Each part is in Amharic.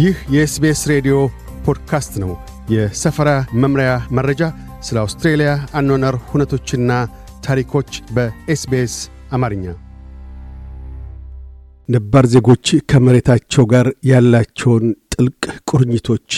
ይህ የኤስቤስ ሬዲዮ ፖድካስት ነው። የሰፈራ መምሪያ መረጃ፣ ስለ አውስትሬልያ አኗኗር ሁነቶችና ታሪኮች በኤስቤስ አማርኛ። ነባር ዜጎች ከመሬታቸው ጋር ያላቸውን ጥልቅ ቁርኝቶች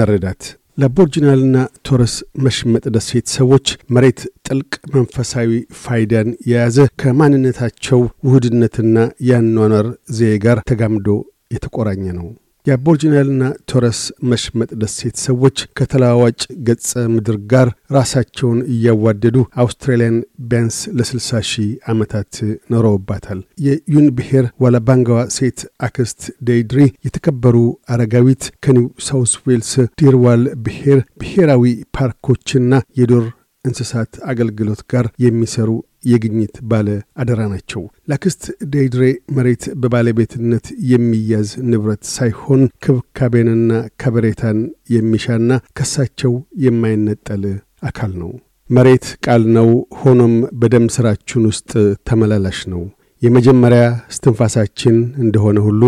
መረዳት ለአቦርጂናልና ቶረስ መሽመጥ ደሴት ሰዎች መሬት ጥልቅ መንፈሳዊ ፋይዳን የያዘ ከማንነታቸው ውህድነትና ያኗኗር ዘዬ ጋር ተጋምዶ የተቆራኘ ነው። የአቦርጂናልና ቶረስ መሽመጥ ደሴት ሰዎች ከተለዋዋጭ ገጸ ምድር ጋር ራሳቸውን እያዋደዱ አውስትራሊያን ቢያንስ ለ60 ሺህ ዓመታት ኖረውባታል። የዩን ብሔር ዋላባንጋዋ ሴት አክስት ዴይድሪ የተከበሩ አረጋዊት ከኒው ሳውስ ዌልስ ዲርዋል ብሔር ብሔራዊ ፓርኮችና የዱር እንስሳት አገልግሎት ጋር የሚሰሩ የግኝት ባለ አደራ ናቸው። ላክስት ዴድሬ መሬት በባለቤትነት የሚያዝ ንብረት ሳይሆን ክብካቤንና ከበሬታን የሚሻና ከሳቸው የማይነጠል አካል ነው። መሬት ቃል ነው። ሆኖም በደም ሥራችን ውስጥ ተመላላሽ ነው። የመጀመሪያ እስትንፋሳችን እንደሆነ ሁሉ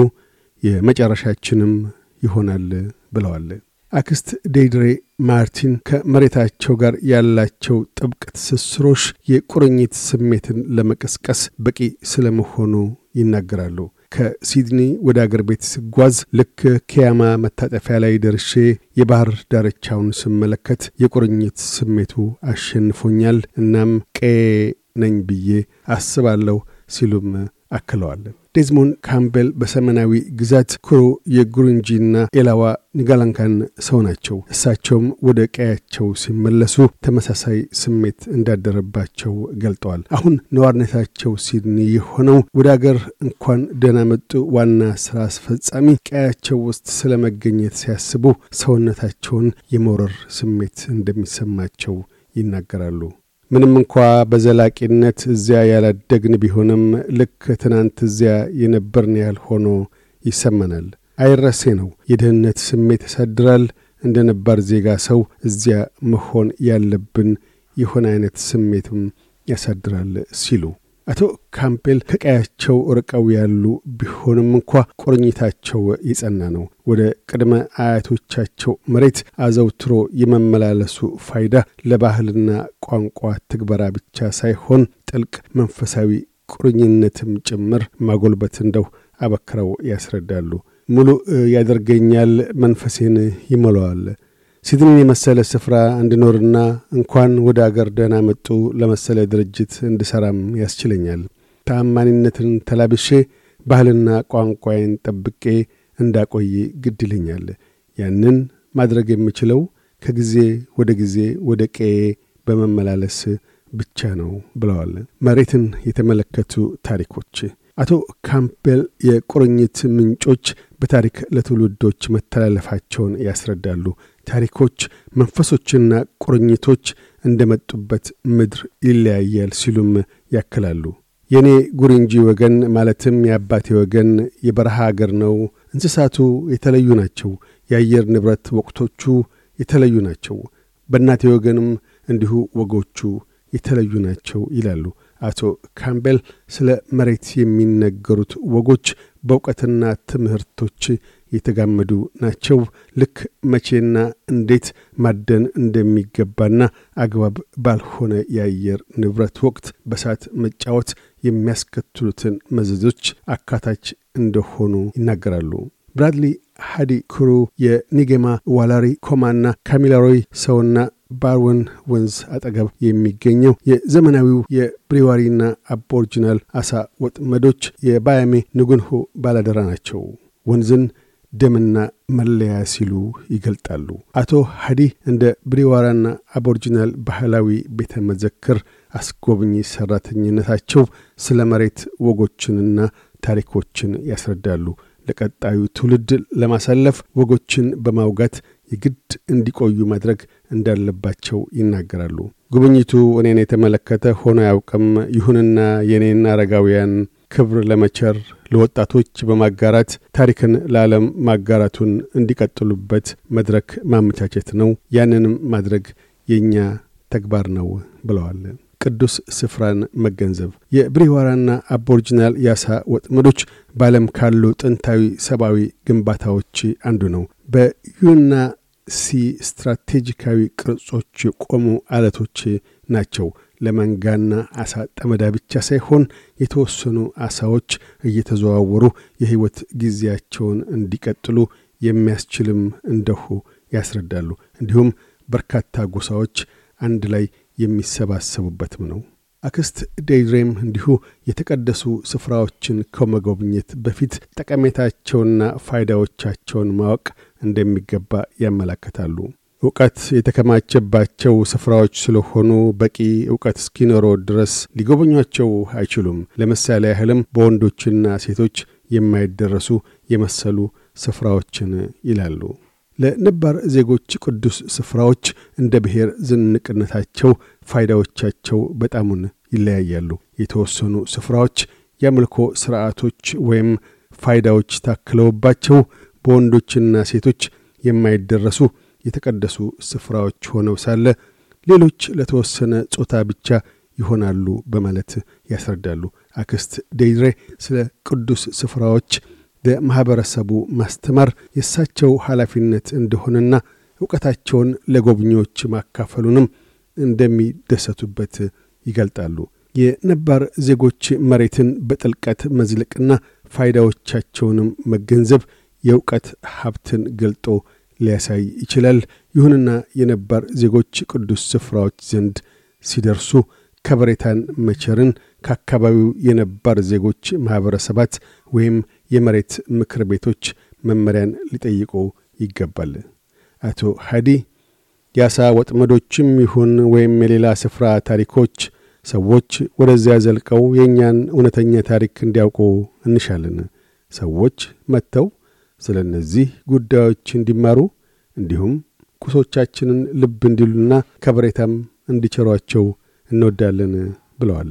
የመጨረሻችንም ይሆናል ብለዋል። አክስት ዴድሬ ማርቲን ከመሬታቸው ጋር ያላቸው ጥብቅ ትስስሮች የቁርኝት ስሜትን ለመቀስቀስ በቂ ስለመሆኑ ይናገራሉ። ከሲድኒ ወደ አገር ቤት ስጓዝ ልክ ከያማ መታጠፊያ ላይ ደርሼ የባህር ዳርቻውን ስመለከት የቁርኝት ስሜቱ አሸንፎኛል። እናም ቀዬ ነኝ ብዬ አስባለሁ ሲሉም አክለዋለን። ዴዝሞን ካምቤል በሰሜናዊ ግዛት ኩሩ የጉሩንጂና ኤላዋ ንጋላንካን ሰው ናቸው። እሳቸውም ወደ ቀያቸው ሲመለሱ ተመሳሳይ ስሜት እንዳደረባቸው ገልጠዋል። አሁን ነዋሪነታቸው ሲድኒ የሆነው ወደ አገር እንኳን ደህና መጡ ዋና ስራ አስፈጻሚ ቀያቸው ውስጥ ስለመገኘት ሲያስቡ ሰውነታቸውን የመውረር ስሜት እንደሚሰማቸው ይናገራሉ። ምንም እንኳ በዘላቂነት እዚያ ያላደግን ቢሆንም ልክ ትናንት እዚያ የነበርን ያህል ሆኖ ይሰማናል። አይረሴ ነው። የደህንነት ስሜት ያሳድራል። እንደ ነባር ዜጋ ሰው እዚያ መሆን ያለብን የሆነ አይነት ስሜትም ያሳድራል ሲሉ አቶ ካምፔል ከቀያቸው ርቀው ያሉ ቢሆንም እንኳ ቁርኝታቸው የጸና ነው። ወደ ቅድመ አያቶቻቸው መሬት አዘውትሮ የመመላለሱ ፋይዳ ለባህልና ቋንቋ ትግበራ ብቻ ሳይሆን ጥልቅ መንፈሳዊ ቁርኝነትም ጭምር ማጎልበት እንደው አበክረው ያስረዳሉ። ሙሉ ያደርገኛል፣ መንፈሴን ይሞላዋል። ሲድኒን የመሰለ ስፍራ እንድኖርና እንኳን ወደ አገር ደህና መጡ ለመሰለ ድርጅት እንድሠራም ያስችለኛል። ተአማኒነትን ተላብሼ ባህልና ቋንቋዬን ጠብቄ እንዳቆይ ግድልኛል ያንን ማድረግ የምችለው ከጊዜ ወደ ጊዜ ወደ ቀዬ በመመላለስ ብቻ ነው ብለዋል። መሬትን የተመለከቱ ታሪኮች አቶ ካምፔል የቁርኝት ምንጮች በታሪክ ለትውልዶች መተላለፋቸውን ያስረዳሉ። ታሪኮች፣ መንፈሶችና ቁርኝቶች እንደመጡበት ምድር ይለያያል ሲሉም ያክላሉ። የእኔ ጉሪንጂ ወገን ማለትም የአባቴ ወገን የበረሃ አገር ነው። እንስሳቱ የተለዩ ናቸው። የአየር ንብረት ወቅቶቹ የተለዩ ናቸው። በእናቴ ወገንም እንዲሁ ወጎቹ የተለዩ ናቸው ይላሉ አቶ ካምቤል። ስለ መሬት የሚነገሩት ወጎች በእውቀትና ትምህርቶች የተጋመዱ ናቸው። ልክ መቼና እንዴት ማደን እንደሚገባና አግባብ ባልሆነ የአየር ንብረት ወቅት በሳት መጫወት የሚያስከትሉትን መዘዞች አካታች እንደሆኑ ይናገራሉ። ብራድሊ ሃዲ ክሩ፣ የኒጌማ ዋላሪ ኮማና ካሚላሮይ ሰውና ባርወን ወንዝ አጠገብ የሚገኘው የዘመናዊው የብሪዋሪና አቦርጅናል አሳ ወጥመዶች የባያሜ ንጉንሁ ባላደራ ናቸው። ወንዝን ደምና መለያ ሲሉ ይገልጣሉ። አቶ ሀዲ እንደ ብሪዋራና አቦርጅናል ባህላዊ ቤተ መዘክር አስጎብኚ ሰራተኝነታቸው ስለ መሬት ወጎችንና ታሪኮችን ያስረዳሉ። ለቀጣዩ ትውልድ ለማሳለፍ ወጎችን በማውጋት የግድ እንዲቆዩ ማድረግ እንዳለባቸው ይናገራሉ። ጉብኝቱ እኔን የተመለከተ ሆኖ አያውቅም። ይሁንና የእኔን አረጋውያን ክብር ለመቸር ለወጣቶች በማጋራት ታሪክን ለዓለም ማጋራቱን እንዲቀጥሉበት መድረክ ማመቻቸት ነው። ያንንም ማድረግ የእኛ ተግባር ነው ብለዋል። ቅዱስ ስፍራን መገንዘብ የብሪዋራና አቦሪጂናል ያሳ ወጥመዶች በዓለም ካሉ ጥንታዊ ሰብአዊ ግንባታዎች አንዱ ነው። በዩና ሲ ስትራቴጂካዊ ቅርጾች የቆሙ አለቶች ናቸው። ለመንጋና አሳ ጠመዳ ብቻ ሳይሆን የተወሰኑ አሳዎች እየተዘዋወሩ የህይወት ጊዜያቸውን እንዲቀጥሉ የሚያስችልም እንደሁ ያስረዳሉ። እንዲሁም በርካታ ጎሳዎች አንድ ላይ የሚሰባሰቡበትም ነው። አክስት ዴይድሬም እንዲሁ የተቀደሱ ስፍራዎችን ከመጎብኘት በፊት ጠቀሜታቸውና ፋይዳዎቻቸውን ማወቅ እንደሚገባ ያመለክታሉ። እውቀት የተከማቸባቸው ስፍራዎች ስለሆኑ በቂ እውቀት እስኪኖሮ ድረስ ሊጎበኟቸው አይችሉም። ለምሳሌ ያህልም በወንዶችና ሴቶች የማይደረሱ የመሰሉ ስፍራዎችን ይላሉ። ለነባር ዜጎች ቅዱስ ስፍራዎች እንደ ብሔር ዝንቅነታቸው ፋይዳዎቻቸው በጣሙን ይለያያሉ። የተወሰኑ ስፍራዎች የአምልኮ ሥርዓቶች ወይም ፋይዳዎች ታክለውባቸው በወንዶችና ሴቶች የማይደረሱ የተቀደሱ ስፍራዎች ሆነው ሳለ ሌሎች ለተወሰነ ጾታ ብቻ ይሆናሉ በማለት ያስረዳሉ። አክስት ዴይድሬ ስለ ቅዱስ ስፍራዎች ለማኅበረሰቡ ማስተማር የእሳቸው ኃላፊነት እንደሆነና እውቀታቸውን ለጎብኚዎች ማካፈሉንም እንደሚደሰቱበት ይገልጣሉ። የነባር ዜጎች መሬትን በጥልቀት መዝለቅና ፋይዳዎቻቸውንም መገንዘብ የእውቀት ሀብትን ገልጦ ሊያሳይ ይችላል። ይሁንና የነባር ዜጎች ቅዱስ ስፍራዎች ዘንድ ሲደርሱ ከበሬታን መቸርን ከአካባቢው የነባር ዜጎች ማኅበረሰባት ወይም የመሬት ምክር ቤቶች መመሪያን ሊጠይቁ ይገባል። አቶ ሃዲ የአሳ ወጥመዶችም ይሁን ወይም የሌላ ስፍራ ታሪኮች ሰዎች ወደዚያ ዘልቀው የእኛን እውነተኛ ታሪክ እንዲያውቁ እንሻለን። ሰዎች መጥተው ስለ እነዚህ ጉዳዮች እንዲማሩ እንዲሁም ቁሶቻችንን ልብ እንዲሉና ከበሬታም እንዲቸሯቸው እንወዳለን ብለዋል።